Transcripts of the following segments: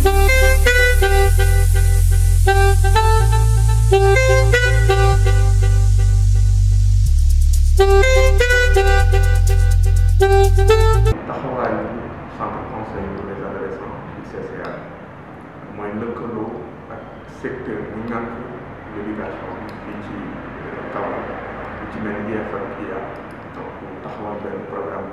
mooy lëkkaloo ak secteur bu ñàkk l'éducation bi fii ci kaw lu ci mel ni IEF ak IA programme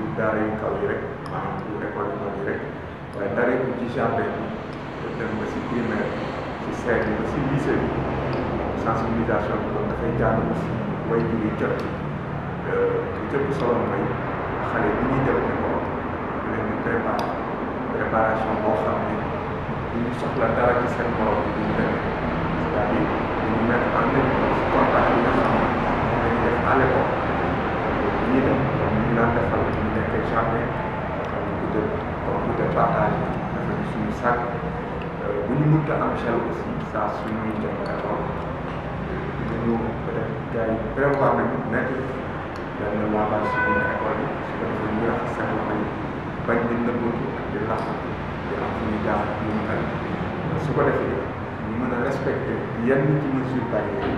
du daara yu kaw yi rek maanaam du école moom yi rek waaye dara ko ci bi dem ba si primaire si seet ba si lycée bi sensibilisation bi kon dafay jaadu aussi way jur yi euh, solo mooy xale bi ñuy dem école ñu leen di préparation boo xam ne du ñu soxla dara ci seen morom bi duñu dem c'est-à-dire dañu mettre en évidence contact yi nga xam ne dañuy def à l'école ñuy ñu naan defal échanger am beaucoup de beaucoup de partage dafa di suñu sàkk bu ñu mënta am chel aussi saa suñuy dem Gabon dañu peut-être gars yi prévoir nañu nekk benn lavage si biir école yi su ko defee ñu raxas seen loxo yi bañ di nëbbatu di lax di am fu ñuy jaar ñu mel su ko defee ñu mën a respecter yenn ci mesures barrières yi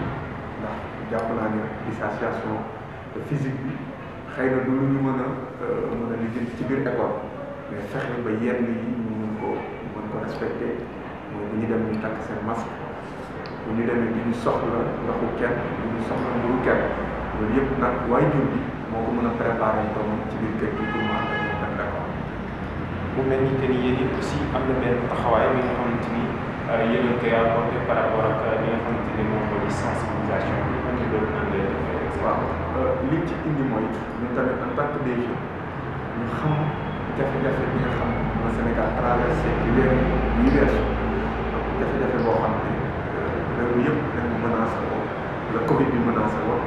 ndax jàpp naa ne bi xëy na du lu ñu mën a euh, mën a liggéey ci biir école mais fexe ba yenn yi ñu mën ko mën ko respecté mooy bu ñu dem bu ñu soxla ndoxu kenn di ñu soxla mburu kenn loolu yëpp nag waaye jur bi moo ko mën a préparé doomam ci biir kër gi pour mu ànd ak moom d'accord mu mel ni que na benn taxawaay euh, par rapport euh, ak li nga xamante ni moom mooy sensibilisation bi ak loolu nan lay defee waaw li ci indi mooy ñu tamit en tant que des xam jafe-jafe bi nga xam ne Sénégal traversé ci weer yi weesu jafe-jafe boo xam ne euh, réew yëpp dañu menacé woon la Covid bi menacé woon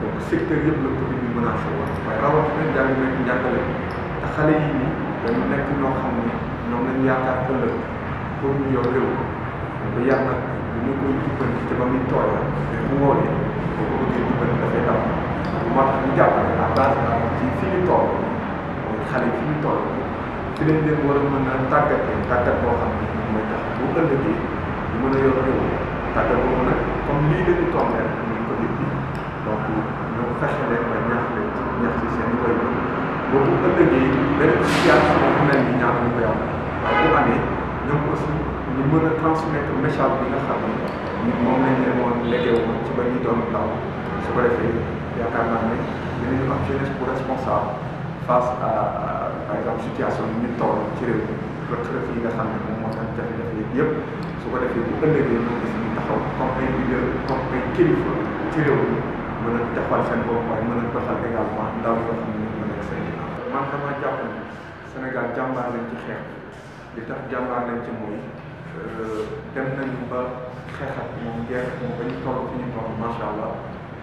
donc secteur yëpp la Covid bi menacé woon waaye rawatina jàng nekk njàngale te xale yi nii dañu nekk ñoo xam ne ñoom lañ yaakaar ëllëg pour ñu yor réew ba yàlla bu ñu koy jubbanti te ba muy tooy la mais bu wóoree boo ko bëggee jubbanti dafay daw moo tax ñu jàppale à base ci fi ñu toll mooy xale fi ñu toll fi leen war a mën a tàggatee tàggat boo xam ne mooy tax bu ëllëgee ñu mën a yor réew tàggat boobu nag comme lii la ñu toll rek ñu ko déglu donc ñu fexe leen ba ñaax leen ñaax ci seen i wéy boobu ëllëgee benn situation bu mel ni ñaar ñu koy am waaye bu amee ñoom aussi ñu mën a transmettre message bi nga xam ne moom lañ leen woon légeewoon ci ba ñu doon ndaw su ko defee. yaakaar naa ne dinañu am jeunesse bu responsable face à par exemple situation yi ñu toll ci réew mi rëkk-rëkk nga xam ne moom moo tax jafe-jafe yi yëpp su ko defee fi ëllëgee ñu gis ñu taxaw comme ay leader comme ay kilifa ci réew mi mën a defal seen bopp waaye mën a doxal également ndaw yoo xam ne ñu mën a seen man dama ci xeex li tax jàmbaar lañ ci mooy euh, dem nañu ba xeexat moom guerre moom ba ñu toll fi ñu toll macha allah.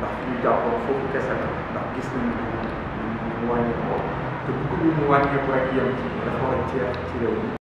ndax ñu jàppoon foofu kese la ndax gis nañu ñu wàññeekoo te bu ko ñu wàññeekoo ak yem ci dafa war a jeex ci